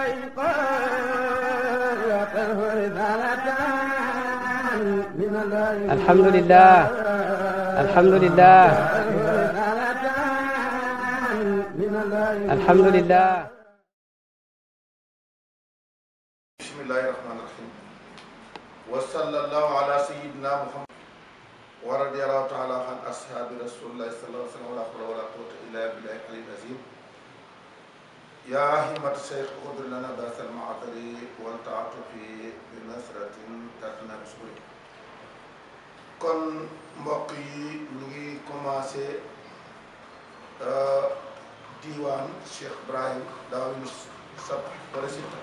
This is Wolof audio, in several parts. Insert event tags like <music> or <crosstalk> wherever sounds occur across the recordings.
alhamdulilah alhamdulilah alhamdulilah. bismillahi rahmaani rahiim wa sallallahu ala sayyidina muhammad wa radiyallahu taala an ashaabi rasulillahi sallallahu alayhi wa sallam wala hawla wala quwwata illa billahi al-aliyyil aziim yaa himmata cheikh udur na baasal maasari wal taatufi bi nasratin tatna bisuri kon mbokk yi ñu ngi commencé diiwaan Cheikh Ibrahim daawuñu sab wala sitta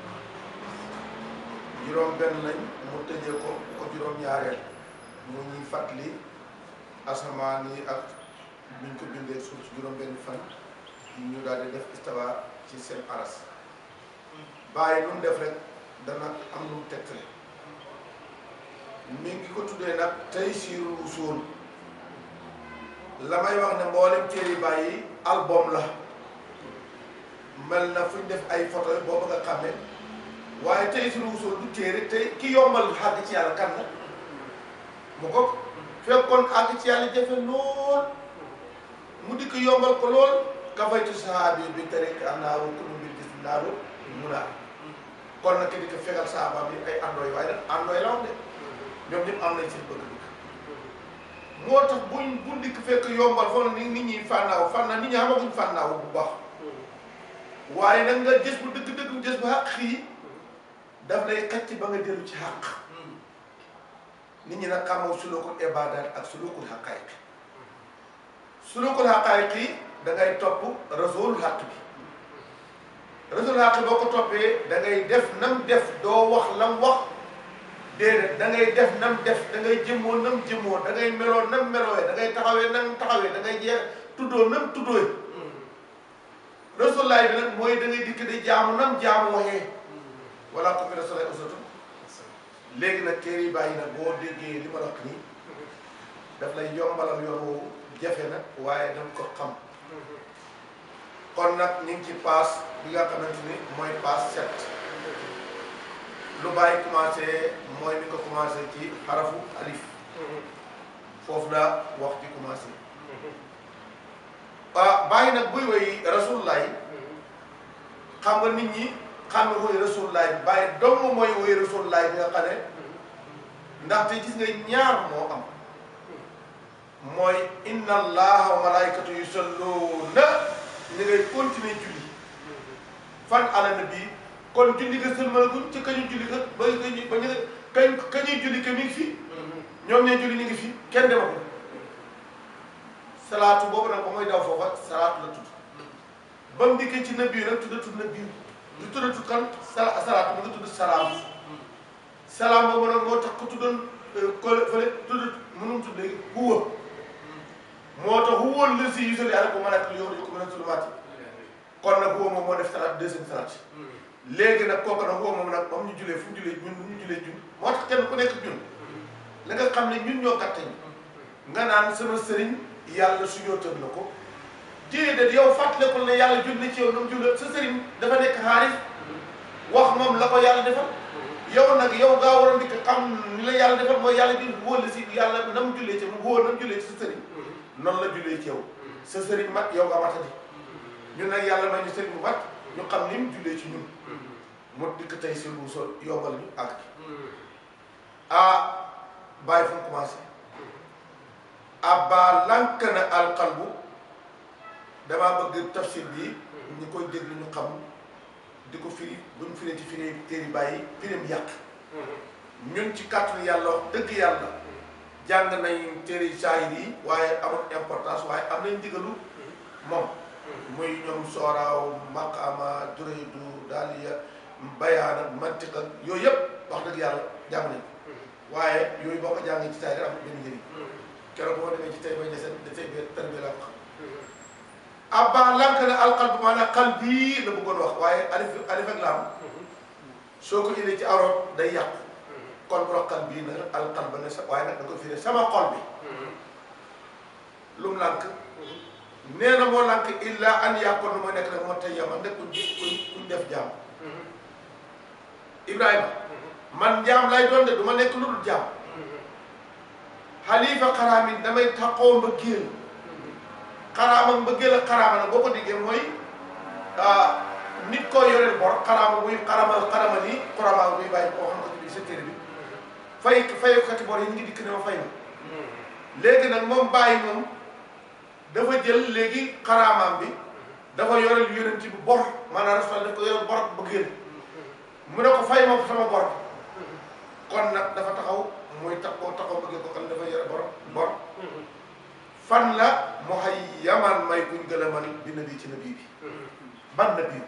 juróom benn lañ mu tëjee ko ko juróom ñaareel mu ñuy fàttali asamaan yi ak buñ ko bindee suuf si juróom benn fan ñu daal def istawaar ci seen aras bàyyi lu mu def rek dana am lu mu tegtale mi ngi ko tuddee nag tey siiru usul la may wax ne mboolem téeri bàyyi album la mel na fu ñu def ay photo boo bëgg a xàmme waaye tey siiru usul du téere tey ki yombal xàgg ci yàlla kan la mu ko fekkoon àgg ci yàlla jafe lool mu dikk yombal ko lool kafaytu sahaabi bi tarik anaaw kunu mbir gis ndaaru muna kon nag di ko fegal saaba bi ay andooy waaye nag andooy la wax de ñoom ñëpp am nañ seen bëgg-bëgg moo tax buñ bu ndikk fekk yombal foog na nit ñi fànnaaw fànnaaw nit ñi xamaguñ fànnaaw bu baax waaye nag nga gis bu dëgg dëgg gis bu xàq yi daf lay xacc ba nga dellu ci xàq nit ñi nag xamoo sulukul ibaadaat ak sulukul xaqaayiq sulukul da ngay topp rasul xàq bi rasul xàq boo ko toppee da def nam def doo wax lam wax déedéet da def nam def da ngay jëmmoo nam jëmmoo da ngay nam melooyee da taxawee nam taxawee da jeex tuddoo nam tuddooy rasulaay bi nag mooy dangay ngay dikk di jaamu nam jaamu waxee wala ko fi rasulaay usatu léegi nag kër yi bàyyi nag boo déggee li ma wax nii daf lay yombalal yoon jafe na waaye dam ko xam kon nag ñu ngi ci paas bi nga xamante ni mooy paas set lu bàyyi commencé mooy mi ko commencé ci xarafu alif foofu la wax ci commencé waaw ah bàyyi nag buy woy rasulullah xam nga nit ñi xam nga woy rasulullah bàyyi dong mooy woy rasulullah bi nga xam ne ndaxte gis nga ñaar moo am mooy inna allaha wa malaykatu yusalluuna ni ngay continuer julli fan ala nabi kon julli ga sëlmalagul ci kañu julli ka ba kañu ba ñu julli ka mi ngi fi ñoom ne julli ñu ngi fi kenn dema ko salaatu boobu nag ba mooy daw foofa salaatu la tudd ba mu dikkee ci nabi nag tuddatul nabi du tuddatul kan sala salaatu mu ngi tudd salaam salaam boobu nag moo tax ku tuddoon euh, ko tudd mënum moo tax huwa lazi yusali alako malaaka yow yokk mën a sulumaati kon nag huwa moom moo def salaat deuxième salaat léegi nag kooku nag huwa moom nag moom ñu julee fu mu julee ñun ñu julee ñun moo tax kenn ku nekk la nga xam ne ñun ñoo gàttañ nga naan sama sëriñ yàlla suñoo tën la ko déedéet yow fàttalikul ne yàlla junni ci yow nam jula sa sëriñ dafa nekk xaaris wax moom la ko yàlla defal yow nag yow gaa waroon di ko xam ni la yàlla defal mooy yàlla di wóor la si yàlla nam jullee ci mu wóor nam jullee ci sa sëriñ noonu la jullee ci yow sa sëriñ mat yow nga watadi ñun nag yàlla may ñu sëriñ bu mat ñu xam ni mu jullee ci ñun mu dikk tey si lu so yombal ñu àgg ah bàyyi fu mu commencé abba lànk na alqalbu damaa bëgg tafsir bi ñu koy déglu ñu xam di ko firi buñ firee ci firi téeri bàyyi firim yàq mm-hmm. ñun ci kàttanu yàlla wax dëgg yàlla jàng nañ téere saahir yi waaye amul importance waaye am nañ ndigalu moom muy ñoom sooraaw maqaama duraydu daaliya bayaan ak mantiq ak yooyu yëpp wax dëgg yàlla jàng nañ waaye yooyu boo ko jàngee ci saahir amul benn njëriñ keroog boo demee ci tey bay ñeseen da tey bi tarbiya la wax abba lank na alqalbu maanaam qalbi la bëggoon wax waaye alif alif ak laam soo ko indee ci arab day yàqu kon roqam bii nag alxam ba ne sa waaye nag da ko firee sama xol bi lu lànk nee na moo lànk illa an lu ma nekk rek moo tey yama nekk kuñ def jaam Ibrahima man jaam lay doon de du ma nekk lu dul jaam xalifa xaraamin damay taqoo mbëggeel xaraama mbëggeel ak boo ko déggee mooy ah, nit koo yoreel bor xaraama buy xaraama xaraama nii xuramaa buy bàyyi koo sa téere bi fay fay kati bor yi ñu ngi dikk ne ma fay ma léegi nag moom bàyyi moom dafa jël léegi xaraamaam bi dafa yorel yonent bu bor maanaam rasul daf ko yorel bor ba génn mu ne ko fay ma sama bor kon nag dafa taxaw mooy taxaw taxaw bëggee ko kan dafa yore bor bor fan la mu xay yamaan may kuñ gëlëmal bi nabi ci nabi bi ban nabi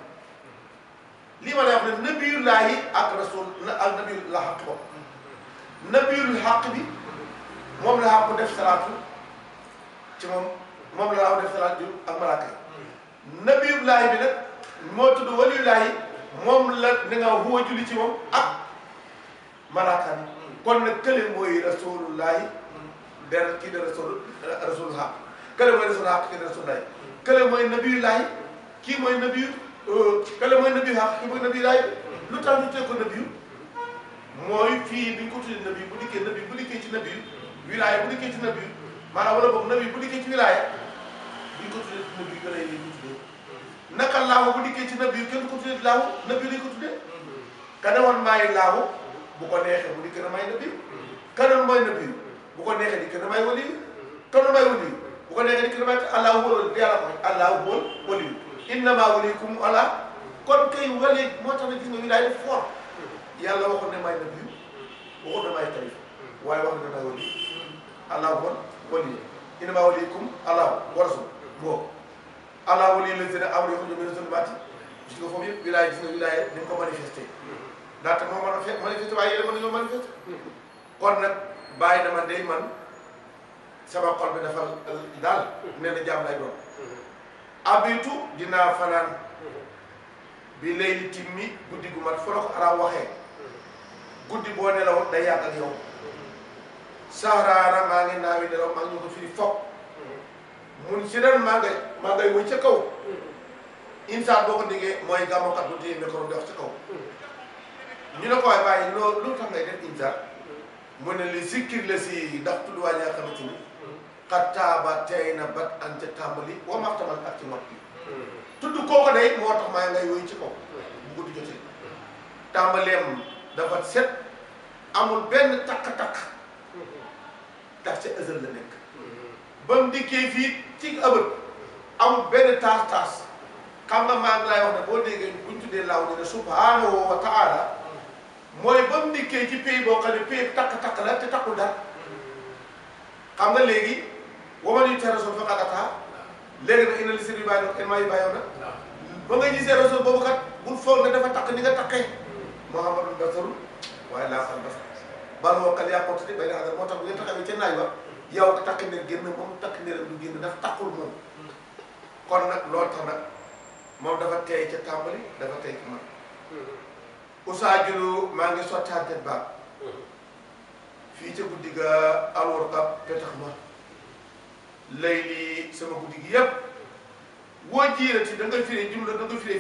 lii ma lay wax ne nabiyullaahi ak rasul na ak nabiyullaahi ak bopp nabiirul xàq bi moom la xàqu def salaatu ci moom moom la xàqu def salaatu ak malaaka yi nabiyullaahi bi nag moo tudd waliyullaahi moom la ni nga julli ci moom ak malaaka bi kon nag kële mooy rasulullaahi der kii de rasul rasul xàq kële mooy rasul xàq kii de rasulullaahi kële mooy nabiyullaahi kii mooy nabiyu kële mooy nabiyu xàq kii mooy nabiyullaahi lu tax ko nabiyu mooy fii bi ñu ko tuddee nabi bu dikkee nabi bu dikkee ci nabi wilaaya bu dikkee ci nabi maanaam wala boog nabi bu dikkee ci wilaaya bu ñu ko tuddee nabi wilaaya lañ ko tuddee naka laahu bu dikkee ci nabi kenn ko tuddee laahu nabi lañ ko tuddee ka ne woon maay laahu bu ko neexee bu dikkee na may nabi ka ne woon mooy nabi bu ko neexee dikkee na may wali ka ne may wali bu ko neexee dikkee na may allahu wala yàlla ko allahu wal wali innama walikum ala kon kay wali moo tax na gis nga wilaaya fort yàlla waxoon ne may nabi waaye wax ne may wali allah kon wali innama walikum allah wa rasul boo allah wali la seen amri yoo xam ne mene sun baati gis moo mën a bàyyi dama day man sama xol bi dafa daal nee na jaam lay doon abitu dinaa fanaan timmi guddi gu mat fa la ko araam waxee guddi boo nelawoon day yàgg ak yow saxaraana maa ngi naawi nelaw maa ngi ñu ko fii foog mun si ren maa ngay maa ngay wëy ca kaw insaan boo ko déggee mooy gàmmukat bu téye micro di wax ca kaw ñu ne ko waay bàyyi loolu tey na bat an ca tàmbali wa maxtamal ak ci mot tudd kooku day moo tax maa ngay wëy ci kaw bu guddi jotee tàmbaleem dafa set amul benn takk-takk ndax ca ësël la nekk ba mu dikkee fii ci ëbët amul benn taas-taas xam nga maa ngi lay wax ne boo déggee bu ñu tuddee laaw ne subhaanahu wa taala mooy ba mu dikkee ci pays boo xam ne pays takk-takk la te takkul dara xam nga léegi waman yu ca rasul faqad ataa léegi nag ina li seen yu bàyyi en maa yu bàyyoon na ba nga gisee rasul boobu kat bul foog ne dafa takk ni nga takkee Mouhamadou Bassirou waaye laa xam Bassirou baloo kal yaa continué bay naa moo tax bu ngeen taxawee ca naaj ba yow takk ndéer génn moom takk ndéeram du génn ndax takkul moom kon nag loolu tax nag moom dafa teey ca tàmbali dafa teey ci man Oussa maa ngi sottaante baab fii ca guddi ga alwar kab te tax ma lay lii sama guddi gi yépp woo jiirati da nga firee jumla da nga firee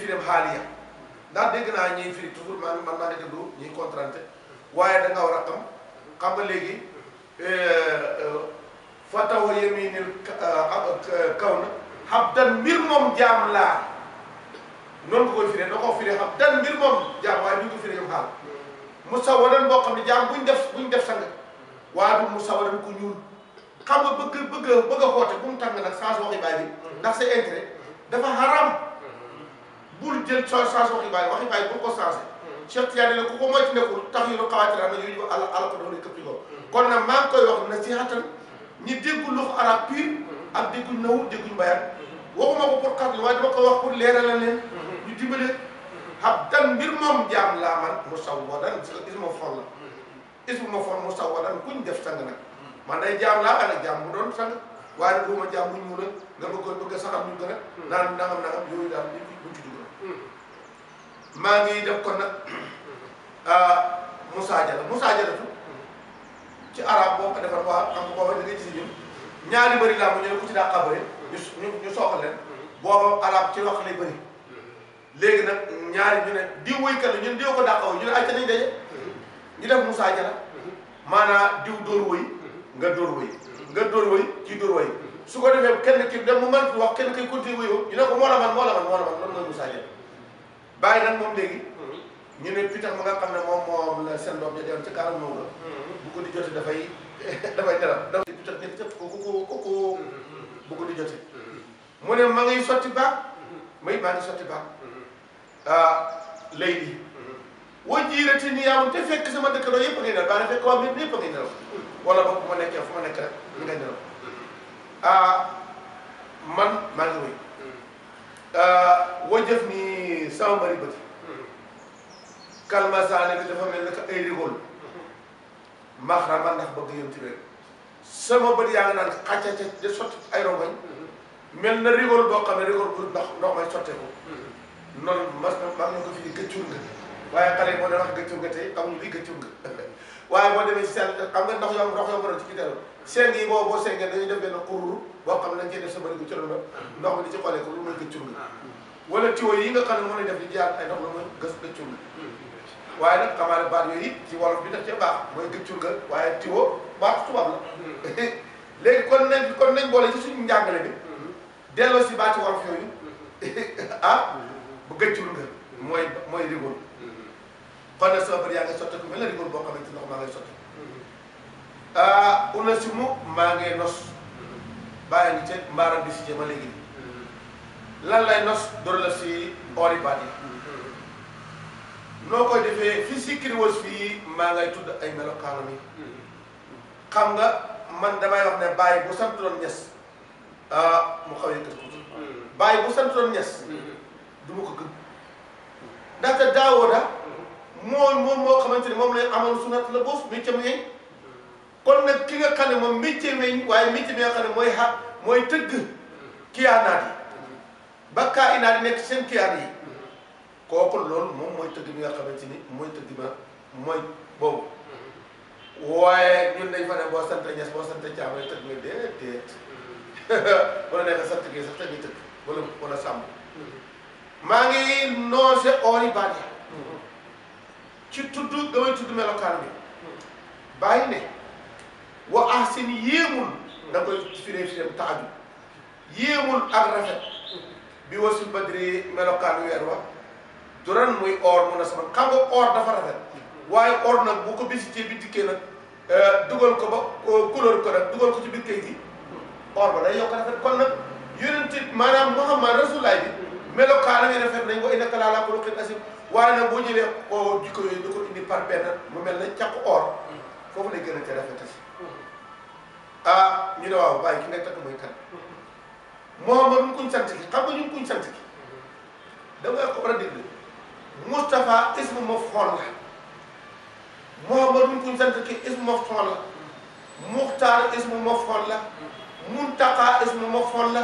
ndax dégg naa ñuy firi toujours man man maa ngi déglu ñuy contranté waaye da nga war a xam xam nga léegi euh, euh, fatawa yeminil euh, kaw na xam dan mbir moom jaam laa noonu nga koy firee na ko firee xam dan mbir moom jaam waaye ñu ko firee ñoom xaal musawaran boo xam ne jaam buñ def buñ def sang waaye du musawaran ku ñuul xam nga bëgg bëgg bëgg a xoote bu mu tàng nag sans waxi baay bi ndax c'est intérêt dafa haram bul jël change change waxi bàyyi waxi bàyyi bul ko changé Cheikh Tidiane ne ku ko moytu nekkul tax yu nu xawaatira na yuñu àll àll ko dafa ne këpp kon nag maa ngi koy wax nasiihatan ñi déggul lu arab pur ak dégguñ nawu dégguñ bayaan waxuma ko pour xat waaye dama koy wax pour leeralal leen ñu dimbale habdan mbir moom jaam laa man musawwadan isma fon la isma fon musawwadan kuñ def sang nag man day jaam laa ànd ak jaam bu doon sang waaye nag buuma jaam buñ mu la nga bëgg a maa ngi def kon nag <clears throat> ah, musaajala musaajalatu ci arab boo ko defar waa xam nga booba da ngay gis ñun ñaari bëri laa mu ñëw ku ci daa xabari ñu ñu sooxal leen booba arab ci lox lay bëri léegi nag ñaari ñu ne diw wëykat la ñun diw ko dàqaw ñu ne ay ca nañ daje ñu def musaajala maanaam diw dóor wëy nga dóor wëy nga dóor wëy ci dóor wëy su ko defee kenn ki dem mu mën wax kenn kay continué wëy ñu ne ko moo la man moo la man moo la man lan bàyyi nag moom léegi. Mhm. ñu ne pitax ma nga xam ne moom moom la seen doom ja deewoon ca kaaram ñëw la. bu ko di jotee dafay <laughs> dafay teral. dafay pitax ñëpp ko ko ko di jotee. Mhm. mu ne ma ngay sotti baax. Mhm. may maa ngi sotti baax. ah lay lii. woo jiirati ni yaamu te fekk sama dëkkandoo yëpp a ngi nelaw baa fekk waa mbir yëpp a ngi nelaw. wala boog bu ma fu ma nekk rek nelaw. Ah, man maa ngi wéy. Ah, woo nii. sama mbari bët kalmasaane bi dafa mel ne que ay rigol maxrama ndax bëgg yëm ci biir sama bët yaa ngi naan xàccaca di sotti ay rongoñ mel na rigol boo xam ne rigol bu ndox ndox may sottee ko noonu mas na maa ngi ko fii gëccur nga waaye xale yi <laughs> boo dee wax seen xam nga ndox yoo ndox yoo mën a ci kitaro seen yi boo boo seengee dañuy def benn xurur boo xam ne dañ cee def sa bëri bu ndox mi di ci xoolee ko lu muy gëccur nga wala tuyau yi nga xam ne mën na def di jaar ay ndox la mooy gës gëccul nga waaye nag xamaa ne ci wolof bi daf cee baax mooy gëccul nga waaye tuyau baat tubaab la <laughs> léegi kon nañ kon nañ boole ci suñu njàngale bi delloo si baati wolof yooyu <laughs> ah bu gëccul nga mooy mooy rigol kon nag sama bëri yaa ngay sotti mel ne rigol boo xamante ndox maa ngay sotti mm-hmm. ah una si mu maa ngay nos bàyyi ñu ca mbaaram bi si jéem a léegi lan lay nos doon la si ori baat yi noo koy defee fi sikkiri was fii maa ngay tudd ay melokaanam mi xam nga man damay wax ne bàyyi bu sant doon ñes ah mu xaw yëkkat ko bàyyi bu sant doon ñes du ma ko gëm ndaxte daawooda moom moom moo xamante ni moom lay amoon sunat la boof métier meñ kon nag ki nga xam ne moom métier meñ waaye métier bi nga xam ne mooy xa mooy tëgg kii yi ba kaa inaar yi nekk seen kiyaar yi kooku loolu moom mooy tëdd bi nga xamante ni mooy tëdd ma mooy boobu waaye ñun dañ fa ne boo sant ñes boo sant caamane tëdd nga <laughs> wala nekk sant sàmm maa ngi noose oor yi baat ci tudd damay tudd melokaan bi bàyyi ne wa ahsin yéemul da koy firee firee taaju yéemul ak rafet bi wasul badri melokaanu weer wa duran muy or mun a sama xam nga or dafa rafet waaye or nag boo ko visité bi dikkee nag euh, dugal ko ba couleur ko nag dugal ko ci biir kayit yi or ba day yokk rafet kon nag yonent maanaam Muhammad Rasulullah bi melokaanu yi rafet nañ ko innaka la'alaa xuluqin aziim waaye nag boo ñëwee jikko yooyu du ko indi par benn mu mel nañ càq or foofu lay gën a te rafetal mm. ah ñu ne waaw bàyyi ki nekk takk mooy kan Mouhamadou kuñ sant ki xam nga ñun kuñ sant ki da ngay ko war a déglu Moustapha ismu maf'uul la kuñ sant ki ismu maf'uul la Muxtaar ismu maf'uul la Muntaqa ismu maf'uul la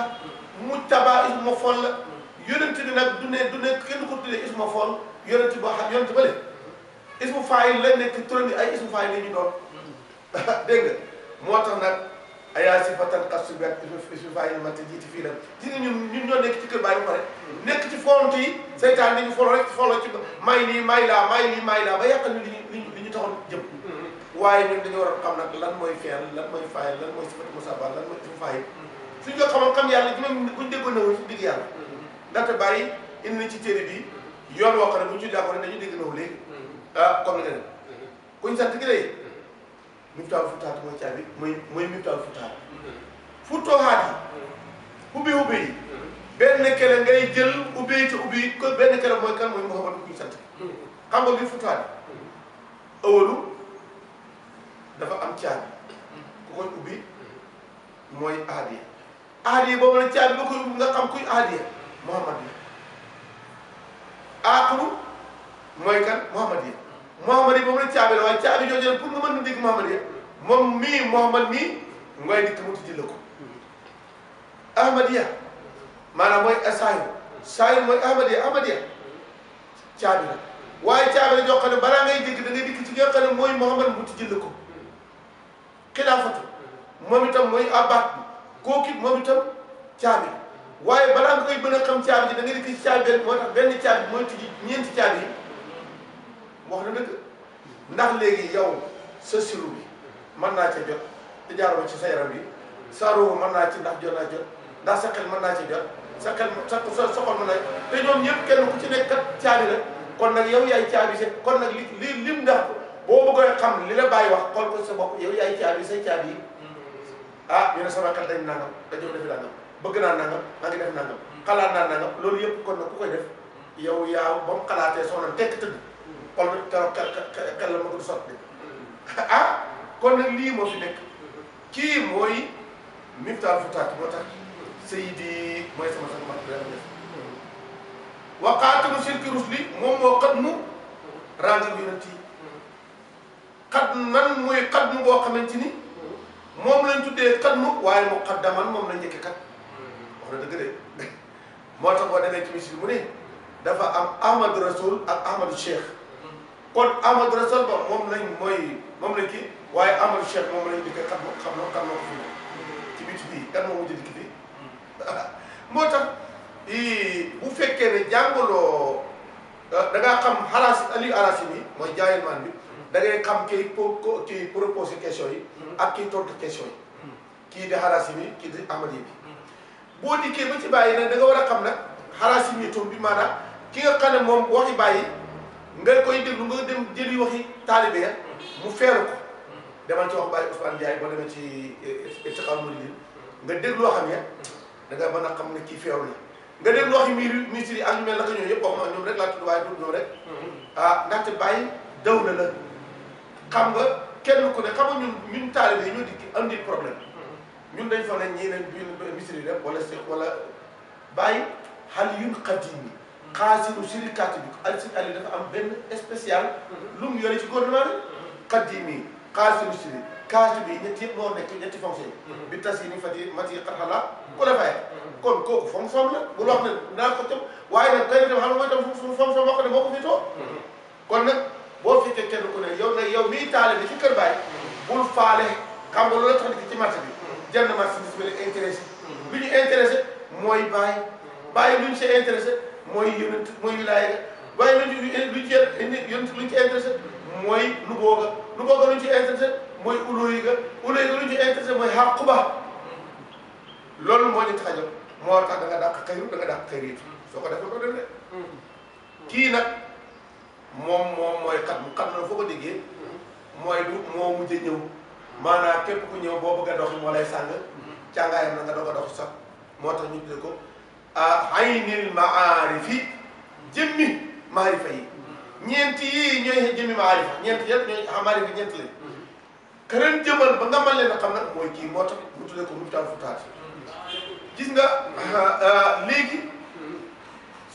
Mujtaba ismu la yonent bi nag du du ne kenn ko tuddee ismu maf'uul yonent boo xam yonent bële ismu faayil la nekk turam ay ismu faayil la ñu doon <laughs> dégg moo tax nag. ayaa si fatan xas subi ak isbi fayil ma te jiiti fii la dina ñun ñun ñoo nekk ci kër bàyyi ba pare nekk ci fonte yi seytaan dañu folo rek folo ci may lii may laa may lii may laa ba yàqal ñu liñu ñu taxoon jëm mm-hmm. waaye ñun dañu war a xam nag lan mooy feel lan mooy fayil lan mooy sifatu musaba lan mooy isbi fayil mm-hmm. suñu ko xamoon xam yàlla même buñ déggoon na woon si digg yàlla mm-hmm. ndaxte ci téere bi yoon woo xam ne bu ñu ci na wu léegi ah comme ni nga def kuñ sant gi miftaaxul futtaat mooy caabi mooy mooy miftaaxul mm-hmm. futtaat mm-hmm. ubbi ubbi yi mm-hmm. benn kele ngay jël ubbi te ubbi ko benn kele mooy kan mooy Muhammadu kuñ sant xam nga li futtaat yi dafa am caabi ku koy ubbi mooy aadiya aadiya boobu nag caabi ba koy nga xam kuy aadiya Muhammad yi aaxulu mooy kan Muhammad yi Mouhamad yi moom la caabi la waaye caabi jooju nag pour a dégg Mouhamad yi moom mii Mouhamad mii ngay dikk mu tijji la ko. maanaam mooy Saayir Saayir mooy Ahmadiya Ahmadiya caabi la waaye caabi ne balaa ngay dégg da ci nga xam ne mooy Mouhamad mu tijji la ko. xilaafatu moom itam mooy abaat bi kooku it moom itam caabi waaye balaa nga koy mën a xam caabi ji da ngay dikk ci caabi benn dëgg ndax léegi yow sa siru bi mën naa ca jot te jaaruma ci sa yaram bi sa ruu mën naa ci ndax jot naa jot ndax sa xel mën naa ci jot sa xel sa sa xol mën naa te ñoom ñëpp kenn ku ci nekk kat caabi la kon nag yow yaay se kon nag li li lim ndax boo bëggee xam li la bàyyi wax xool ko sa bopp yow yaay caabi say yi ah ñu ne sama xel dañ nangam dañoo defi nangam bëgg naa nangam maa ngi def nangam xalaat naa nangam loolu yëpp kon nag ku koy def yow yaa ba mu xalaatee soo naan tekk xol keroog xel xel xel la <laughs> ah, kon lii moom fi nekk kii mooy miftaal futaati moo tax sayidi mooy sama sama mat dama def wa qaatilu silki rusli moom moo xat nu raangal yonent yi xat nan muy xat nu boo xamante ni moom lañ tuddee xat nu waaye mu xat daman moom la njëkk kat wax na dëgg de <laughs> moo tax boo demee ci mu ne dafa am ahmadu rasul ak ahmadu cheikh kon Ahmadou Rassoul Ba moom lañ mooy moom lañ kii waaye Ahmadou Cheikh moom lañ dikk xam nga xam nga xam nga ko fii kan <laughs> bu fekkee ne jàngaloo euh, da ngaa xam xalaas Aliou Alassane yi mooy jaayal maan bi ba ci bàyyi nag a xam nag Alassane yi ki nga xam ne moom boo ci bàyyi. nga koy déglu nga dem jëli waxi taalibe ya mu feeru ko demal ci wax Baye Ousmane Ndiaye boo demee ci eh, Irtiqaal Mouridine nga déglu waxam ya da nga mën a xam ne ci feeru la nga déglu waxi mi ministre yi ak ñu ñoom yëpp waxuma ak ñoom rek laa tudd ah, daw na la xam nga kenn ku ne xam nga ñun ñun taalibe yi ñoo dikki andi problème ñun dañ fa ne ñii ne ministre yi rek wala wala Baye xal yun xadim yi xaasiru sirikaati bi al si ali dafa am benn spécial lu mu yore ci gouvernement bi xaddimi xaasiru siri kaasi bi ñetti yëpp moo nekk ñetti fonction bi tas yi ni fati mati xarxala ku la faye kon kooku fonction la bu ne naa ko tam waaye nag kay dem xam nga mooy tam suñu fonction wax ne moo ko fi too kon nag boo fekkee kenn ku ne yow nag yow miy taale bi ci kër baay bul faale xam nga loola tax nit bi jënd marché bi su ma intéressé bi ñu mooy bàyyi bàyyi luñ si intéressé mooy yonent mooy wilaaya ga waaye yonent bi luñ ci lu luñ ci intéressé mooy lu booga lu booga luñ ci intéressé mooy ulóoyi ga ulóoyi ga luñ ci intéressé mooy xàqu ba loolu moo ñu tax a jóg moo tax da nga dàq xayru da nga dàq xayriitu soo ko defee ko dem de kii nag moom moom mooy xat mu xat na foo ko déggee mooy lu moo mujj ñëw maanaam képp ku ñëw boo bëgg a doxi moo lay sàng càngaayam na nga doog a dox sax moo tax ñu tuddee ko aynil maarifi jëmmi maarifa yi ñeenti yii ñooy jëmmi maarifa ñeenti yëpp ñooy ah maarifa ñeenti lañ këran jëmal ba nga mën leen a xam nag mooy kii moo tax mu ko mu taal futaat gis nga ah, ah, léegi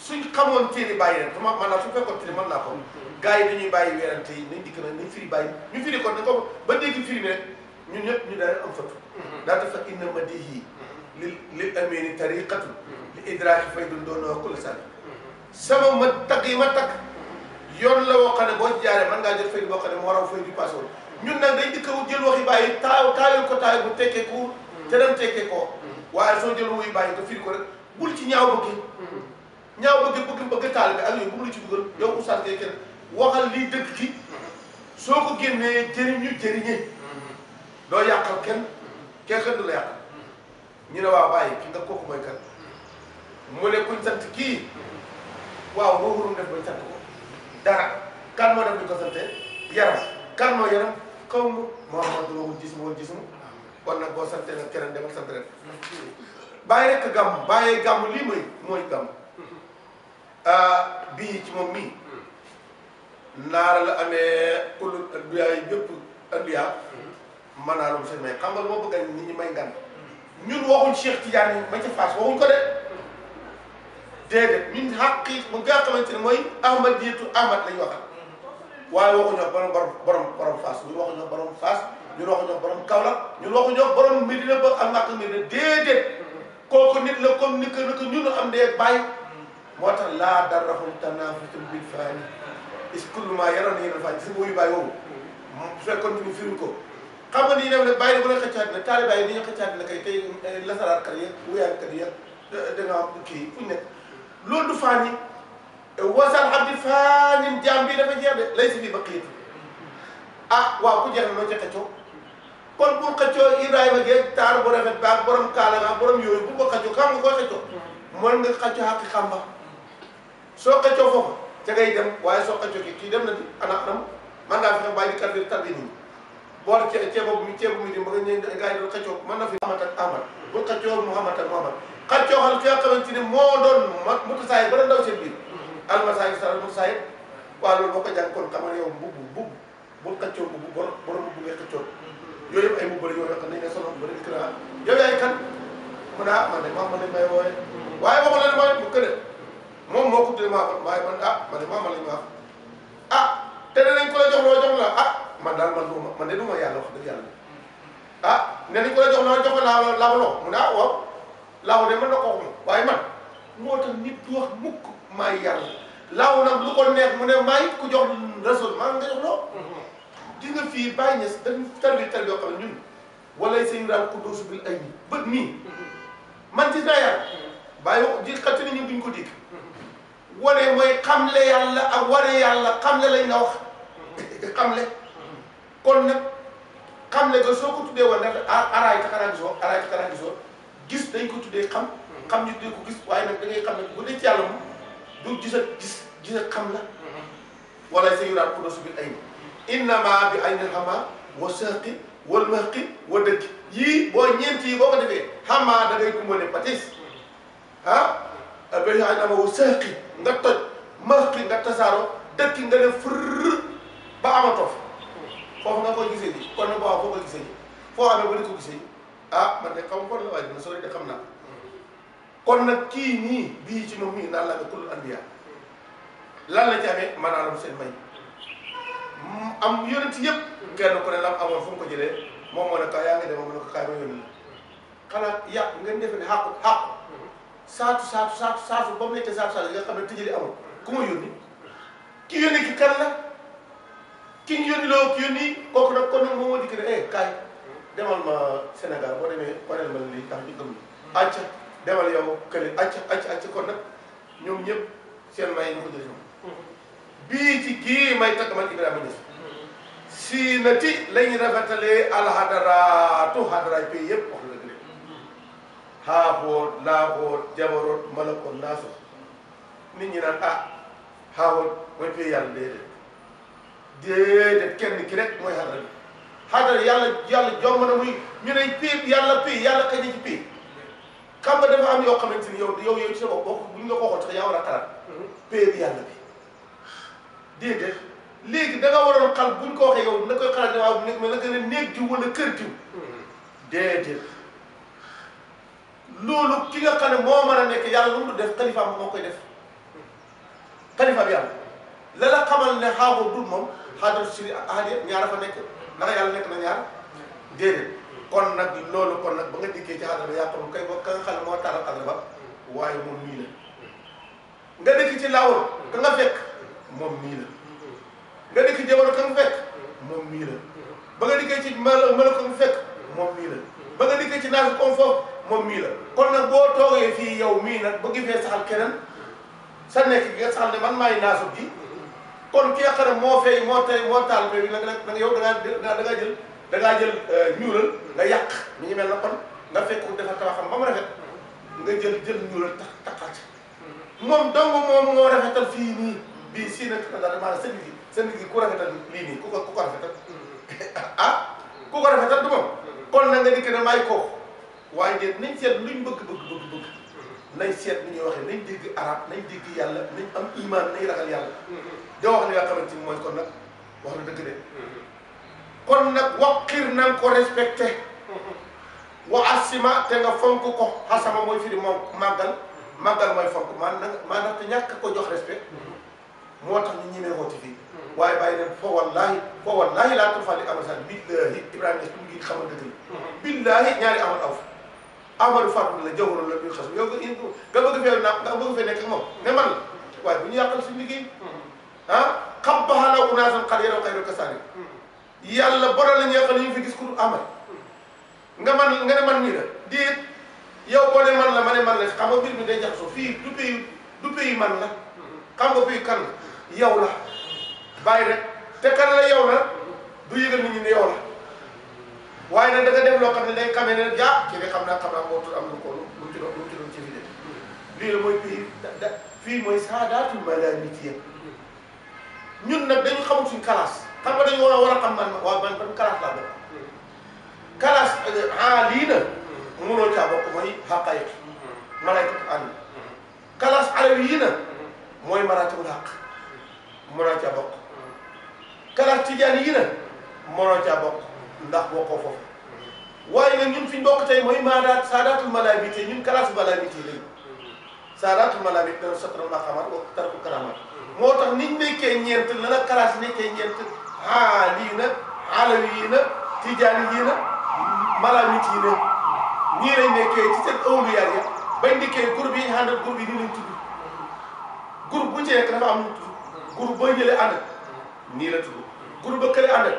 suñ xamoon téere bàyyi ren dama maanaam suñ fekkoon téere mën naa ko gars yi dañuy bàyyi weerante yi nañ dikk nag firi bàyyi ñu firi kon ko ba dégg firi ne ñu daal am fatu mm-hmm. daa def fa inna madihi lil lil tariqatu bi idraaki fay dun doon na kulla sànni sama ma takk yi ma takk yoon la woo xam ne boo jaaree man ngaa jot fay boo xam ne moo raw fay du passé woon ñun nag day dikk jël waxi bàyyi taaw ko taawil ko te dem tekkee koo ko rek ci ñaaw ñaaw bëgg bëgg bëgg taal bi ak yooyu bu mu la ci dugal yow oustaz ngay kenn waxal lii dëgg ki soo ko génnee jëriñu jëriñee doo yàqal kenn kenn xëy la yàqal ñu ne waa bàyyi ki nga kooku mooy kan mu ne kuñ sant kii waaw boo waroon def bañ sant ko dara kan moo def duñ ko sante yaram kan yaram kaw mu moo xamante waxul gis mu woon kon nag boo sante nag keneen demal sant ren bàyyi rekk gàmm bàyyi gàmm lii mooy mooy gàmm ah, bii ci moom mii naara la amee ulul adduyaay bépp adduyaa manaalum seen may xam nga lu ma bëgg nit ñi may ngan ñun waxuñ Cheikh Tidiane ma ca Fass waxuñ ko de déedéet min xaqi mu nga xamante ne mooy ahmadiyatu ahmad la ñu waxal waaye waxuñoo borom borom borom Fass ñun waxuñoo borom Fass ñun waxuñoo borom Kaolack ñun waxuñoo borom Medina ba ak Makka Medina déedéet kooku nit la ko ni que ni que ñun am dee bàyyi moo tax laa darrahum tanaafutum bil faani is kullu maa yaroon na yéen a fàcc si wuyu bàyyi woowu su fekkoon ñu ko xam nga ni dem ne bàyyi bu la xëccaat na taalibaay yi dañoo xëccaat loolu du faani wasal abdi faanin jaam bi dafa jeex de lay si bi ba xiitu ah waaw ku jeex na loo ci xëccoo kon bu xëccoo Ibrahima Gueye taar bu rafet baax borom kaala baax borom yooyu bu ko xëccoo xam nga koo xëccoo mën nga xëccoo xaqi xam ba soo xëccoo foofu ca ngay dem waaye soo xëccoo kii kii dem na di ana anam man ngaa fexe bàyyi di cardir tardi nit ñi boor ceeb boobu mi ceeb bu mi di ba nga ñëw gars yi doon mën na fi Amad ak Amad bu xëccoo xar cooxal ki nga xamante ni moo doon mot motusaay ba doon daw seen biir. almasaayu sara motusaay waaw loolu boo ko jàng kon xamal yow mbubb mbubb boo xëccoo mbubb bor bor mbubb ngay xëccoo mm-hmm. yooyu yëpp ay mbubb la yoo xam ne nga sonal ba dañu kii yow yaay kan mu ne ah man de maa ma lañ may wooyee. Mm-hmm. waaye waxu leen mooy bu gën a moom moo ko tuddee maa ko waaye man ah man de maa ma lañ maa ah te danañ ko la jox loo jox la ah man daal man du ma man de du ma yàlla wax dëgg yàlla mm-hmm. ah nee nañ ko la jox loo jox ko laa laa loo mu ne ah waaw. laaw de mën na ko wax waaye man moo tax nit du wax mukk maay yàlla laaw nag lu ko neex mu ne maay ku jox rasul maa nga jox loo di nga fii bàyyi ñes dañ tarbi tarbi yoo xam ne ñun walay sëñ daal ku doosu bil ay ñi nii man gis naa yàlla bàyyi di xatte ni ñu ko dégg wane mooy xamle yàlla ak wane yàlla xamle lañ nga wax <laughs> xamle kon nag xamle nga soo ko tuddee woon a araay taxanaa gisoo araay taxanaa gisoo gis dañ ko tuddee xam xam ñu tuddee ko gis waaye nag da ngay xam ne bu dee ci yàlla moom du gis ak gis gis ak xam la wala sa yuraat bi ay innama bi ay na xama wa saqi wal maqi wa boo ñeent yi boo ko defee xamaa da ngay gumba ne patis ah ba ay nama wa saqi nga toj maqi nga tasaaro nga ne fërr ba amatoo foofu nga koy gisee ji kon na boo foo ko gisee ji foo amee ba di ko gisee ji ah man de xaw ma ko la waaye na sori de xam naa kon nag kii nii bii ci moom mii naan la nga kullu anbiya lan la ci a maanaam seen may am yonent yëpp kenn ku ne lam amoon ko jëlee moom moo ne ko yaa ngi dem moom ne ko kaay ma yónni la xanaa yàqu ngeen defe ne xàqu xàqu saatu saatu saatu saatu ba mu kon nag moom moo dikk ne eh kaay demal ma Sénégal boo demee pareel ma lii tax ñu gëm la acca demal yow kële acca acca acca kon nag ñoom ñëpp seen may ñu ko jël mm-hmm. bii ci kii may takk man Ibrahima Niass mm-hmm. siinati lañ rafetalee alxadaraatu xadaraay pays yëpp wax la gën xaafoot mm-hmm. laafoot jabaroot malakoot naasoot nit ñi naan ah xaafoot mooy pays yàlla déedéet déedéet kenn ki rek mooy xadara bi xadara yàlla yàlla jomb na muy ñu ne pii yàlla pii yàlla xëy na ci pii xam nga dafa am yoo xamante ni yow yow yow ci sa bopp boo buñ nga ko waxoon sax yaa war a xalaat mhm. pii bi yàlla bi dégg nga léegi da nga waroon xal buñ ko waxee yow na koy xalaat ne waaw nekk mais la nga ne néeg jiw wala mhm. loolu ki nga xam moo mën a nekk yàlla lu mu def xalifaam moo koy def xalifaam yàlla la la xamal ne xaabu dul moom xaadar suri ak ahadiya a fa nekk ndax yàlla nekk na ñaar déedéet kon nag loolu kon nag ba nga dikkee ci xadra ba yàqul kay ba ka nga xam ne moo taaral xadra ba waaye moom mii la nga dëkk ci laawol ka nga fekk moom mii la nga dëkk jamono nga fekk ba nga dikkee ci melo melo ka nga fekk moom mii la ba ci naaj comme foofu moom mii la kon nag boo toogee fii yow mii nag ba ngi saxal keneen sa nekk gi nga saxal ne man maay naasu ji kon ki moo fay moo tey moo taal bi nag nag yow da da ngaa jël da ngaa jël euh, ñuulal nga yàq mi ngi mel na kon nga fekk mu defar tabaxam ba mu rafet nga jël jël ñuulal tax taxaat moom dong moom moo rafetal fii nii bii sii nag daanaka maanaam sëñ bi sëñ bi ku rafetal lii nii ku ko ku ko rafetal <laughs> ah ku ko rafetal du moom kon na nga dikk ne may ko waaye de nañ seet luñ ñu bëgg bëgg bëgg. nañ seet ni ñuy waxee nañ dégg arab nañ dégg yàlla nañ am imaan nañ ragal yàlla da wax ne yoo xamante ni mooy kon nag wax na dëgg de kon nag waqir na nga ko respecté wa asima te nga fonk ko xasama mooy firi moom màggal màggal mooy fonk maa na maa ndax te ñàkk ko jox respect moo tax ñu ñimee ko ci fii waaye bàyyi ne fo wallahi fo wallahi laa tulfali amasan billahi ibrahima es bu ngi xamal dëgg la billahi ñaari amal aw Amadou Fatou la jaww la ñuy xas yow nga indi nga bëgg fee naa nga bëgg fee nekk ak moom ne man la waaye bu ñu yàqal suñu liggéey mm-hmm. ah xam baxalaa unaasan xar yaraw xayru kasaani mm-hmm. yàlla boral la ñu yàqal ñu fi gis ku Amadou mm-hmm. nga man nga ne man nii la déet yow boo ne man la ma ne man la xam nga mbir mi day jaxasoo fii du pays du pays man la xam nga pays kan la yow la bàyyi rek te kan la yow la du yëgal nit ñi ne yow la waaye nag da nga def loo xam ne day xamee ne ja kii de xam naa xam naa moo tur am lu ko lu ci doon lu ci doon ci fi def lii la mooy fii da fii mooy saadaatul malamitiya ñun nag dañu xamul suñ classe xam nga dañu war a war a xam man waaw man ban classe laa bokk classe ah lii na mënoo caa bokk mooy xaqayiq malaykatu ànd classe alawi yii na mooy maratibul xaq mënoo caa bokk classe tijaan yii na mënoo caa bokk ndax bokkoo foofu waaye nag ñun fi ñu bokk tey mooy maadaat saadaatul malaabit yi ñun kalaasu malaabit yi lañu saadaatul malaabit dana sottal maqaamaat wa tarku karamaat moo tax niñ nekkee ñeent la la kalaas nekkee ñeent xaaliina alawiina tijaaniyiina malaabit yi ne ñii lañ nekkee ci seen awliyaa yi bañ nekkee groupe yi ñu àndal groupe yi nii lañ tudd groupe bu ci nekk dafa am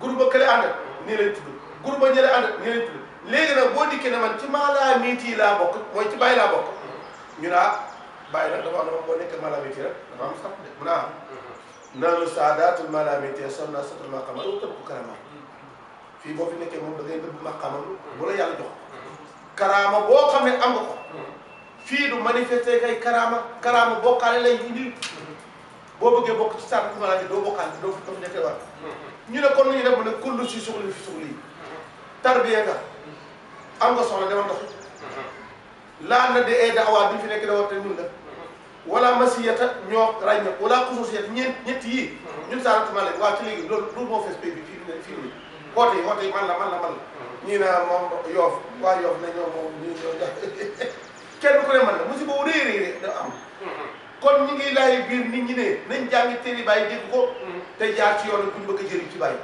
gurba ba ànd a nii lañ tudd gurba ñële ànd ak nii lañ tudd léegi nag boo dikkee na man ci maalaa miit yi laa bokk mooy ci bàyyi laa bokk ñu naa bàyyi nag dafa am boo nekk maalaa miit yi rek dafa am sax de mu naa am ah, naanu saadaatul maalaa miit yi son naa satul maqama doo tëb ko karama fii boo fi nekkee moom da ngay bu la yàlla jox karaama boo xam ne am nga ko fii du manifester kay karaama karaama boo bëggee bokk ci sànq xalaat yi doo bokkaat doo doo fi nekkee war mhm. ñu ne kon lu ñu def mu ne kullu si suxli fi suxli mhm. tarbiya nga mhm. am nga soxla demal dox laan na de ay daawaat bi ñu fi nekk waa war te mun la wala masiyata ñoo ràññe wala xususiyat ñeent ñett yii ñun saanatuma la waaw ci léegi loolu loolu moo fees pay bi fii ne fii nii woote yi woote yi la man la man la naa moom yoof waa yoof na moom <laughs> kenn ku ne man la musiba wu rëy rëy da am kon ñi ngi laay biir nit ñi ne nañ jàngi téeri bàyyi dégg ko mm-hmm. te jaar ci yoon buñu bëgg a jëriñ ci bàyyi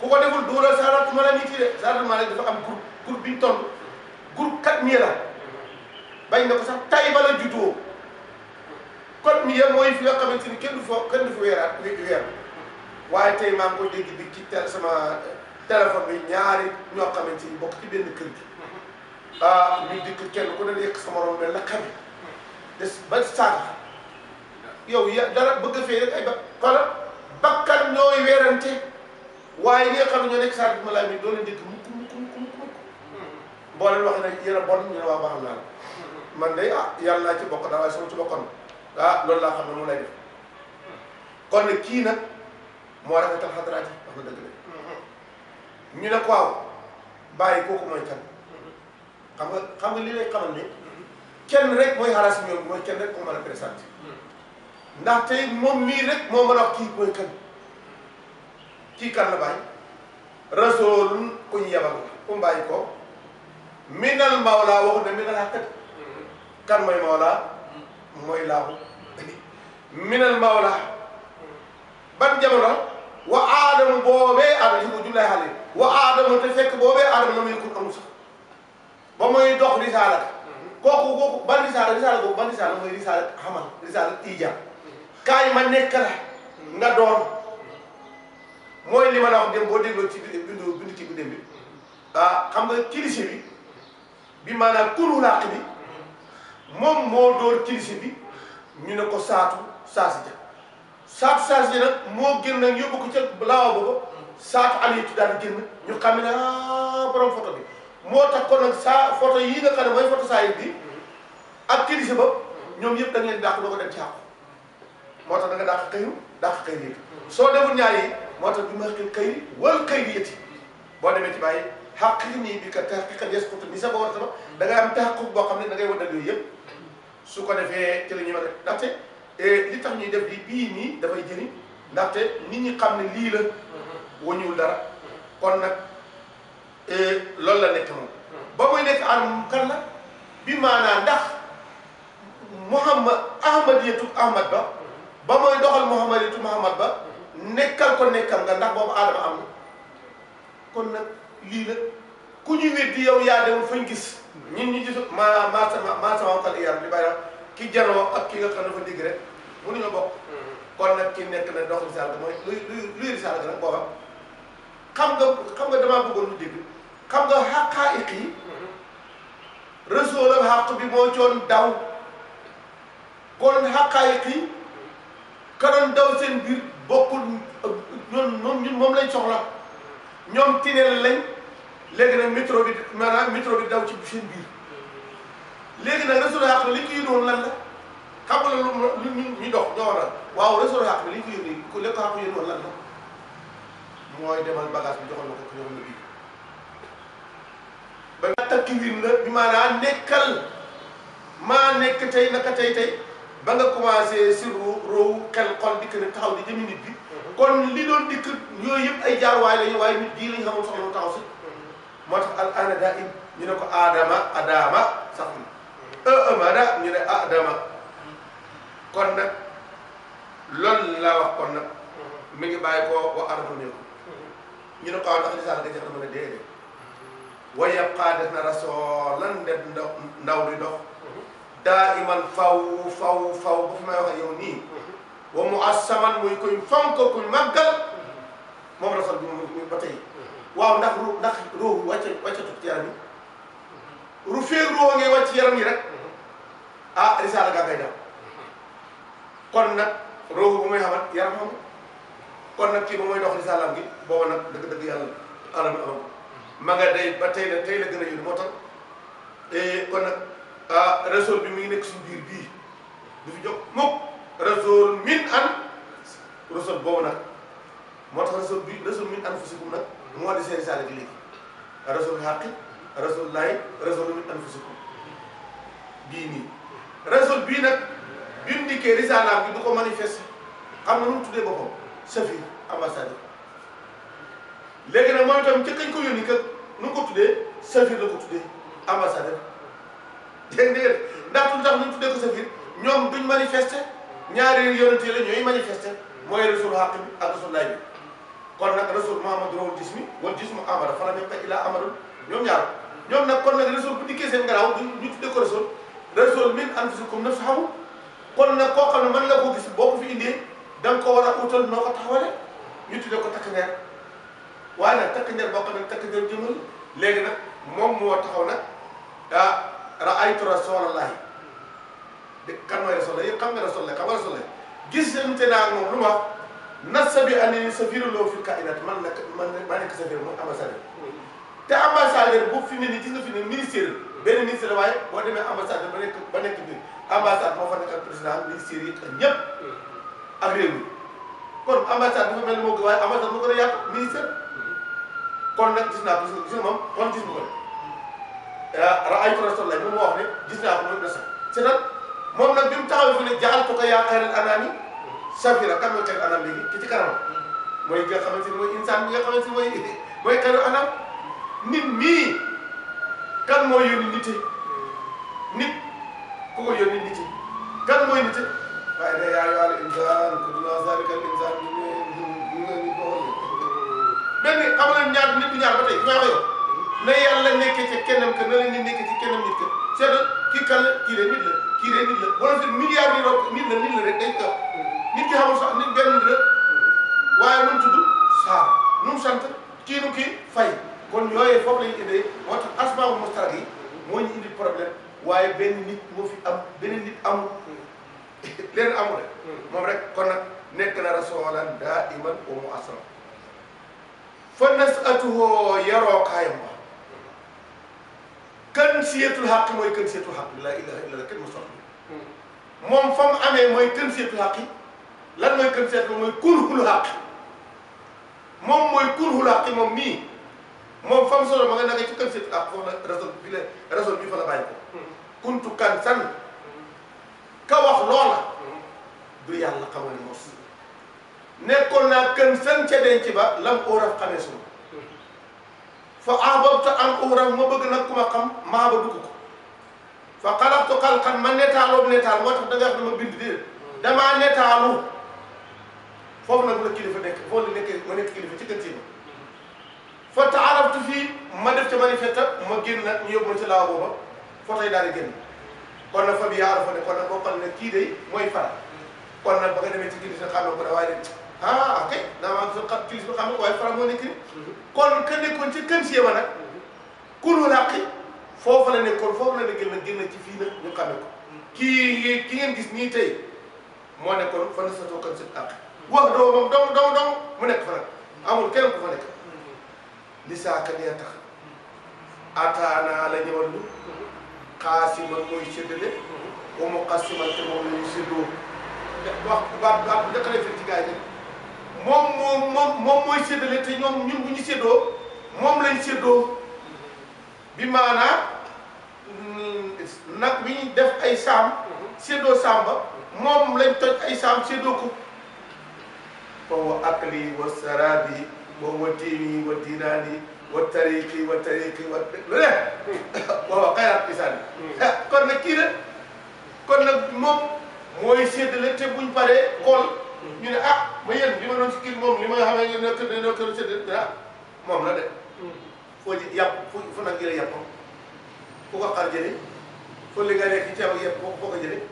ku ko deful dóoral saaratu mala nii ci de saaratu mala dafa am groupe groupe biñu toll groupe kat mie la bañ na ko sax tay bala juddoo kon mie mooy fi xamante ni kenn du foo kenn du fi weeraat léegi weer waaye tey maa ngi ko dégg bi ci tel sama eh, téléphone bi ñaari ñoo xamante ni bokk ci benn kër gi mm-hmm. ah dikk kenn ku ne yëkk sama morom mel la xame mm-hmm. des ba saaga yow ya dara bëgg a fay rek ay ba xoolal bakkan ñooy weerante waaye li nga xam ne ñoo nekk saa bi ma laaj bi doo leen dëkk mukk mukk mukk mukk hmm. boo leen wax ne yéen a bon ñu ne waa baaxam naa la hmm. man day ah yàlla naa ci bokk daal waaye sama ci bokkoon ah loolu laa xam ne moom lay def hmm. kon nag kii nag moo rafetal xadaraat yi wax na dëgg la ñu ne ko waaw bàyyi kooku mooy kan xam nga xam nga li lay xamal ne kenn rek mooy xalaat si ñoom mooy kenn rek ko mën a présenté ndax tey moom mii rek moo mën a kii mooy kan kii kan la bàyyi rasoolun ku ñu yebal ku mu bàyyi ko minal mawla waxu ne minal xaqat kan mooy mawla mooy laahu minal mawla ban jamono wa aadamu boobee aadama si mu jullay xale wa aadamu te fekk boobee aadama la muy kun amul sax ba muy dox risaala mm-hmm. kooku kooku ban risaala risaala boobu ban risaala mooy risaala xamal risaala ijaab kaay ma nekk la nga doon mooy li ma la wax dem boo dégloo ci bindu bindu ci bu dem bi ah xam nga kilise bi bi maanaam kunu làq bi moom moo dóor kilise bi ñu ne ko saatu saasi ja saatu saasi ja nag moo génn nag yóbbu ko ca laawa booba saatu alitu daal génn ñu xam ne ah borom photo bi moo tax ko nag saa photo yii nga xam ne mooy photo saa yi bi ak kilise ba ñoom yëpp da ngeen dàq doo ko dem ci moo tax da nga dàq xëyu dàq xëy soo deful ñaar yi moo tax bi ma xil xëy wal xëy yéti boo demee ci bàyyi xaq yi nii bi ka taxqiqa yeskutu ni sa ba war sama da ngay am taxaquq boo xam ne da ngay wadal yooyu yëpp su ko defee ci la ñuy wax rek ndaxte e, li tax ñuy def di bii nii dafay jëriñ ndaxte nit ñi xam ne lii la wañuwul dara kon nag e, loolu la nekk moom ba muy nekk anam kan la bi maanaa ndax Muhammad ahmad yetu ahmad ba ba mooy doxal Muhammaditu Muhammad ba nekkal ko nekkal nga ndax boobu aadama am na kon nag lii la ku ñu weddi yow yaa demul fañ gis ñun ñu gisul maa maa sama maa sama xol iyam li bay wax ki janoo ak ki nga xam dafa digg rek mënuñu bokk mm-hmm. kon nag ki nekk na dox risaal ga mooy luy luy risaal ga nag xam nga xam nga damaa bëggoon lu dégg xam nga xaqaayiq yi mm-hmm. rasuul ak xaq bi moo coon daw kon xaqaayiq yi karoon daw seen biir bokkul moom moom lañ soxla ñoom tineel lañ léegi nag métro bi maanaam métro bi daw ci seen biir léegi nag réseau yàq li ci yónnoon lan la xam nga lu lan la mooy demal bagage bi joxal ma ko ñoom la bii ba takki wiin la bi maanaa nekkal maa nekk tey naka tey tey ba nga commencé si roowu xel xol dikk nag taxaw di jëmi nit bi mhm. kon li doon dikk yooyu yëpp ay jaarwaay lañu waaye nit gii lañu mhm. moo tax al ñu ne ko aadama adama sax na amada mhm. e, e, ñu ne adama kon nag loolu laa wax kon nag mi ngi bàyyi ko wa arama néew ñu ne ko waaw ndax lisaal nga jax dama ne déedéet wa yabqaa def na rasoolan de ndaw luy dox daa iman faw faw faw ba fi may wax yow nii wa mu assaman muy kuñ fonk kuñ màggal moom rasul bi mu ba tey waaw ndax ru ndax ruuxu wàcce wàccatut ci yaram ru feeg ruuxa ngay yaram yi rek ah risaala gaa ngay daw kon nag ruuxu bu muy xamat yaram xam kon nag kii ba mooy dox risaalaam gi booba nag dëgg dëgg yàlla alami amam ba tey la tey la gën a yónni moo kon nag Ah, rasul bi mi nekk si biir bii du fi jóg mukk rasul min an rasul boobu nag moo tax rasul bi rasul min anfusikum nag moo di seen saale bi léegi rasul xaqi rasul laay rasul min anfusikum bii nii rasul bii nag bi mu dikkee risalaam bi du ko manifeste xam nga nu mu tuddee boppam safir ambassadeur léegi nag mooy tam ca kañ ko yónni kat nu mu ko tuddee safir la ko tuddee ambassadeur dégg nga ndax lu tax ñu tuddee ko safir ñoom duñ manifester ñaari yonent yi la ñooy manifester mooy rasul haq bi ak rasul laay bi kon nag rasul Muhammad rawul gis mi wal mu amara fala nekk ilaa amara ñoom ñaar ñoom nag kon nag rasul bu dikkee seen garaaw ñu tuddee ko rasul rasul min anfusikum nafsahu kon nag koo xam ne mën nga ko gis boo ko fi indee da nga ko war a utal noo ko taxawale ñu tuddee ko takk ndeer waaye nag takk ndeer boo xam ne takk ndeer jëmal léegi nag moom moo taxaw nag ah. raaytu rasulallahi de kan mooy rasulullah yéen xam nga rasulullah xam nga rasulullah gisante naa moom lu ma nasa bi ani safiruloo fi kainat man nag man maa nekk safir moom ambassadeur te ambassadeur bu fi ne nii gis nga fi ne ministère benn ministère la waaye boo demee ba nekk ba nekk biir ambassade moo fa nekk ak président ministère yi ak ñëpp ak kon ambassade dafa mel moo ko waaye ambassade moo gën a yàq ministère kon nag gis naa ko gis moom kon gis nga ko raaytu rasulallah bi mu wax ne gis naa ko moom rasul si nag moom nag bi mu taxaw fi ne jaxal ko ko yaa xayril anaami safira kan mooy xayril anam léegi ki ci kanam mooy nga xamante ni mooy insaan bi nga xamante ni mooy mooy xayril anam nit mii kan mooy yónni nit yi nit ku ko yónni nit yi kan mooy nit yi waaye da yaa yor insaan kuduna zalika insaan benn xam nga ñaar nit ñaar ba tey ñoo ko yor na yàlla nekk ca kenam ka na la ni nekk ci kenam nit ka seeta kii kan la kii de nit la kii de nit la wala fi milliard yi rok nit la nit la rek dañ ko nit ki xamul sax nit benn nit la waaye mun tudd saar nu mu sant kii nu kii fay kon yooyee foofu lañu indee moo tax asmaawu mustara yi moo ñu indi problème waaye benn nit moo fi am benn nit amul <laughs> leen amul rek moom rek kon nag nekk na rasoolan daa iman wa mu asama fa nas atuhoo yaroo kaayam ba kan siyatul xaq mooy kan siyatul xaq la ilaha illallah kenn mos a hmm. moom fa mu amee mooy kan siyatul xaq yi lan mooy kan siyatul moom mooy kurhul xaq moom nii moom fa mu solo nga naka ci kan siyatul foofu la raison bi fa la bàyyi hmm. kuntu kan ka wax loola. Hmm. du yàlla xamal ne mos. nekkoon naa kan san ca denc ba lam óoraf xamee suma foo ahbabtu an umra ma bëgg nag ku ma maa ba dugg ko fa xalaqtu xalqan ma netaaloo netaal moo tax da nga wax ne ma bind déet damaa netaalu foofu nag la kilifa nekk foofu la ma nekk kilifa ci gën ma fa taaraftu fii ma def ca manifesta ma génn nag ñu yóbbu ma ci laa booba fa tey daal di kon nag fa bi fa ne kon nag boo xam ne kii day mooy fara kon nag ba nga demee ci kilifa xamee ko ne waaye de ah kay daa am sa xam tuuti bi xam nga waaye Fra moo nekk nii. kon ka nekkoon ci kën see ba nag. kunu làqi foofu la nekkoon foofu la nekkoon nag génn ci fii nag ñu ko. kii ki ngeen gis nii tey moo nekkoon fan sa too kan seen àq. wax doomam dong dong mu nekk fa nag amul kenn ku fa nekk. li saaka nee tax. ataanaa la ñëwal ñu. xaasiman mooy séddale. wa mu xaasiman te moom la ñu séddoo. wax baat baat bu njëkk a moom moom moom moom mooy séddale te ñoom ñun bu ñu séddoo moom lañ séddoo bi maanaa nag bi ñuy def ay saam séddoo saam ba moom lañ toj ay saam séddoo ko fa wa akli wa sarabi wa wa diini wa diinaani wa tariqi wa tariqi wa lu ne waaw xayraat isaan kon nag kii la kon nag moom mooy séddale te buñ paree xool ñu ne ah ma yéen ma doon kii moom li may xamee ne nekk na nekk na séddale ah moom la de. Hmm. foo ji yàpp fu fu nag jëlee yàppam fu ko xar jëlee fu li nga nekk ci ceeb ak yàpp foo ko jëlee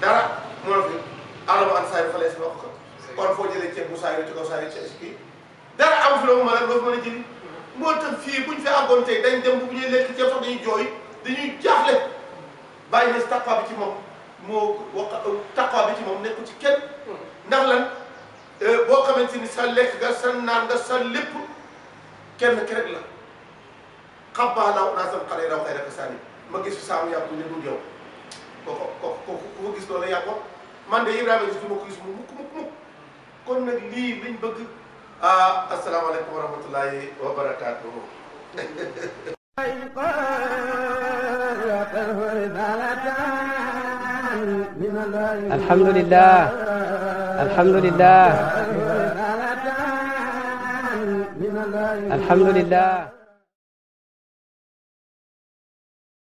dara mu ne fi alama an saa yu fa lay si wax ko kon foo jëlee ceeb bu saa yu ci kaw saa yu ci kii dara am fi la mu mën a doo mën a jëli. moo tax fii buñ fi àggoon tey dañ dem bu ñuy lekk ceeb sax dañuy jooy dañuy jaaxle bàyyi ne taqwa bi ci moom moo wax taqwa bi ci moom nekkul ci kenn hmm. ndax lan. boo xamante ni sa lekk ga sa naan nga sa lépp kenn ki rek la xam baax naa naa sam xale raw xëy rek sànni ma gis saamu yàpp ne du yow ko ko ko ku ko gis loolu yàpp man de Ibrahima gis du ma ko gis mu mukk mukk mukk kon nag lii liñ bëgg ah asalaamaaleykum wa rahmatullahi wa barakaatuhu <laughs> alhamdulillah alhamdulilah alhamdulilah